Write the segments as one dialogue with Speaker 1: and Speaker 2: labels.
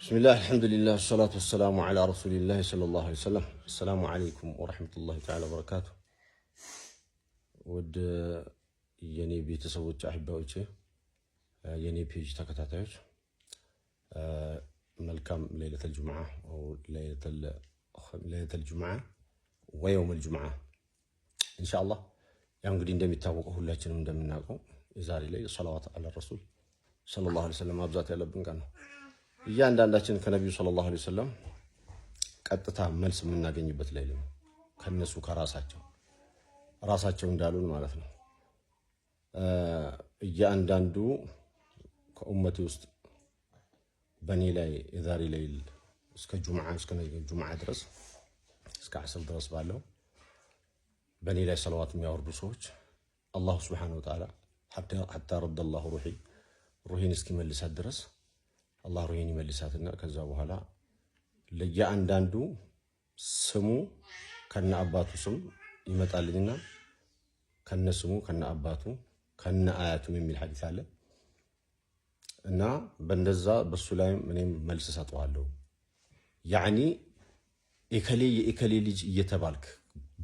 Speaker 1: ብስሚላህ አልሐምዱሊላህ አሰላቱ ወሰላሙ ዓላ ረሱሊላህ ሰለላሁ ዓለይሂ ወሰለም። አሰላሙ ዓለይኩም ወረሕመቱላሂ ተዓላ በረካቱ። ወደ የኔ ቤተሰቦች አሕባዎቼ፣ የኔ ፔጅ ተከታታዮች መልካም ሌለተል ጁምዓ ሌለተል ጁምዓ ወየውመል ጁምዓ ኢንሻአላህ። ያው እንግዲህ እንደሚታወቀው ሁላችንም እንደምናውቀው የዛሬ ላይ ሰላዋት አለ ረሱል ሰለላሁ ዓለይሂ ወሰለም ማብዛት ያለብን ቀን ነው። እያንዳንዳችን ከነቢዩ ሰለላሁ ዐለይሂ ወሰለም ቀጥታ መልስ የምናገኝበት ላይ ነው። ከነሱ ከራሳቸው ራሳቸው እንዳሉን ማለት ነው። እያንዳንዱ ከኡመቴ ውስጥ በእኔ ላይ የዛሬ ሌይል እስከ ጁምዓ እስከ ጁምዓ ድረስ እስከ ዓስር ድረስ ባለው በእኔ ላይ ሰለዋት የሚያወርዱ ሰዎች አላሁ ስብሓነሁ ወተዓላ ሐታ ረዳ አላሁ ሩሒ ሩሒን እስኪመልሳት ድረስ አላህ ሩሄን ይመልሳትና ከዛ በኋላ ለየአንዳንዱ ስሙ ከነ አባቱ ስም ይመጣልኝና ከነ ስሙ ከነ አባቱ ከነ አያቱም የሚል ሐዲስ አለ እና በእንደዛ በሱ ላይም እኔም መልስ ሰጠዋለሁ። ያዕኒ ኤከሌ የኤከሌ ልጅ እየተባልክ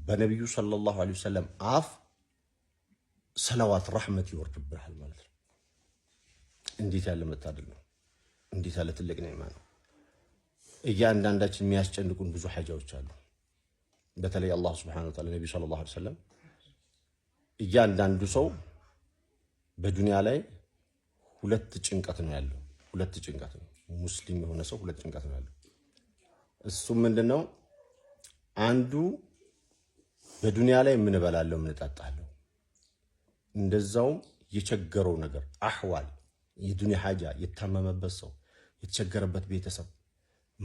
Speaker 1: በነቢዩ ሰለላሁ ዐለይሂ ወሰለም አፍ ሰለዋት ረሕመት ይወርድብሃል ማለት ነው። እንዴት ያለ መታደል ነው! እንዴት ያለ ትልቅ ኒዕማ ነው። እያንዳንዳችን የሚያስጨንቁን ብዙ ሐጃዎች አሉ። በተለይ አላህ ስብሐነሁ ወተዓላ ነቢ ሰለላሁ ዐለይሂ ወሰለም እያንዳንዱ ሰው በዱንያ ላይ ሁለት ጭንቀት ነው ያለው። ሁለት ጭንቀት ነው ሙስሊም የሆነ ሰው ሁለት ጭንቀት ነው ያለው። እሱም ምንድን ነው? አንዱ በዱንያ ላይ የምንበላለው የምንጠጣለው፣ እንደዛውም የቸገረው ነገር አህዋል የዱንያ ሐጃ የታመመበት ሰው የተቸገረበት ቤተሰብ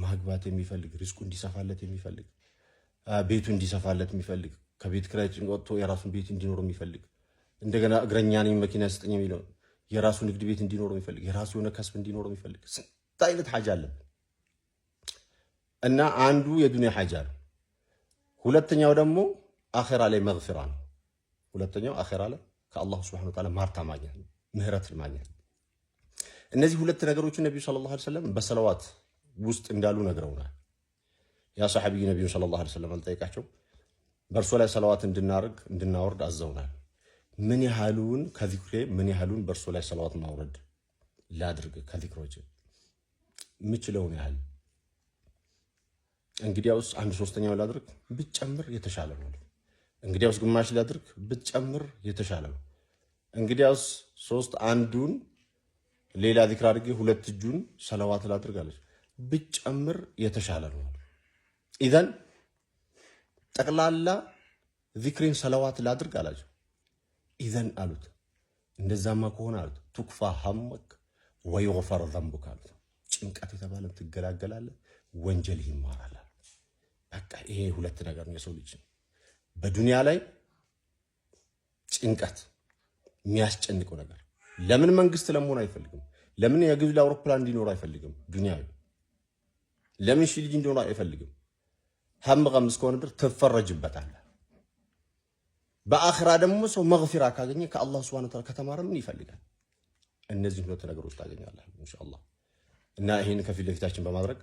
Speaker 1: ማግባት የሚፈልግ ሪስኩ እንዲሰፋለት የሚፈልግ ቤቱ እንዲሰፋለት የሚፈልግ ከቤት ኪራይ ወጥቶ የራሱን ቤት እንዲኖር የሚፈልግ እንደገና እግረኛ ነኝ መኪና ስጠኝ የሚለው የራሱ ንግድ ቤት እንዲኖር የሚፈልግ የራሱ የሆነ ከስብ እንዲኖር የሚፈልግ ስንት አይነት ሀጅ አለብን እና አንዱ የዱኒያ ሀጃ ነው። ሁለተኛው ደግሞ አኼራ ላይ መግፊራ ነው። ሁለተኛው አኼራ ላይ ከአላሁ ስብሐነሁ ወተዓላ ማርታ ማግኘት ነው፣ ምህረትን ማግኘት ነው። እነዚህ ሁለት ነገሮች ነቢዩ ሰለላሁ ላ ወሰለም በሰለዋት ውስጥ እንዳሉ ነግረውናል። ያ ሰሐቢይ ነቢዩን ሰለላሁ ላ ወሰለም አልጠይቃቸው በእርሶ ላይ ሰለዋት እንድናርግ እንድናወርድ አዘውናል። ምን ያህሉን ከዚክሬ ምን ያህሉን በእርሶ ላይ ሰለዋት ማውረድ ላድርግ ከዚክሮች ምችለውን ያህል እንግዲያውስ አንድ ሶስተኛው ላድርግ ብትጨምር የተሻለ ነው። እንግዲያውስ ግማሽ ላድርግ ብትጨምር የተሻለ ነው። እንግዲያውስ ሶስት አንዱን ሌላ ዚክር አድርጌ ሁለት እጁን ሰለዋት ላድርጋለች ብጨምር የተሻለ ነው። ኢዘን ጠቅላላ ዚክሪን ሰለዋት ላድርግ አላቸው። ኢዘን አሉት እንደዛማ ከሆነ አሉት ቱክፋ ሐመክ ወይغፈር ዘንቡክ አሉት። ጭንቀት የተባለ ትገላገላለ ወንጀል ይማራል። በቃ ይሄ ሁለት ነገር ነው። የሰው ልጅ በዱንያ ላይ ጭንቀት የሚያስጨንቀው ነገር ለምን መንግስት ለመሆን አይፈልግም? ለምን የግብ አውሮፕላን እንዲኖር አይፈልግም? ዱንያዊ ለምን ሺ ልጅ እንዲኖር አይፈልግም? ሀም እስከሆነ ከሆነ ድር ትፈረጅበታለህ። በአኽራ ደግሞ ሰው መግፊራ ካገኘ ከአላህ ስብሐነ ወተዓላ ከተማረ ምን ይፈልጋል? እነዚህ ሁለት ነገሮች ታገኛለህ ኢንሻአላህ። እና ይህን ከፊት ለፊታችን በማድረግ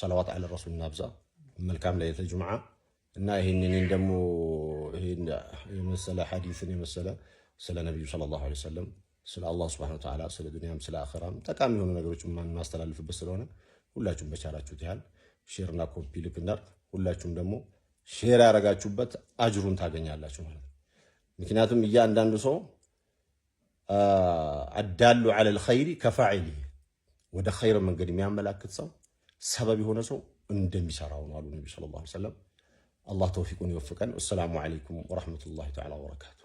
Speaker 1: ሰላዋት አለ ረሱል እና መልካም ለይለቱል ጁምዓ እና ይህንን ደግሞ ይህን የመሰለ ሐዲስን የመሰለ ስለ ነቢዩ ሰለላሁ ዐለይሂ ወሰለም ስለ አላህ ስብሐነ ወተዓላ ስለ ዱንያም ስለ አኸራም ጠቃሚ የሆኑ ነገሮች የማናስተላልፍበት ስለሆነ ሁላችሁም በቻላችሁት ያህል ሼርና ኮፒ ልክ እንዳልክ ሁላችሁም ደግሞ ሼር ያደረጋችሁበት አጅሩን ታገኛላችሁ ማለት ነው። ምክንያቱም እያንዳንዱ ሰው አዳሉ ዐለል ኸይሪ ከፋዒሊ ወደ ኸይር መንገድ የሚያመላክት ሰው ሰበብ የሆነ ሰው እንደሚሰራው ነው አሉ ነቢ ሰለላሁ ዐለይሂ ወሰለም። አላህ ተውፊቁን ይወፍቀን። ወሰላሙ ዐለይኩም ወረሕመቱላሂ ተዓላ ወበረካቱ።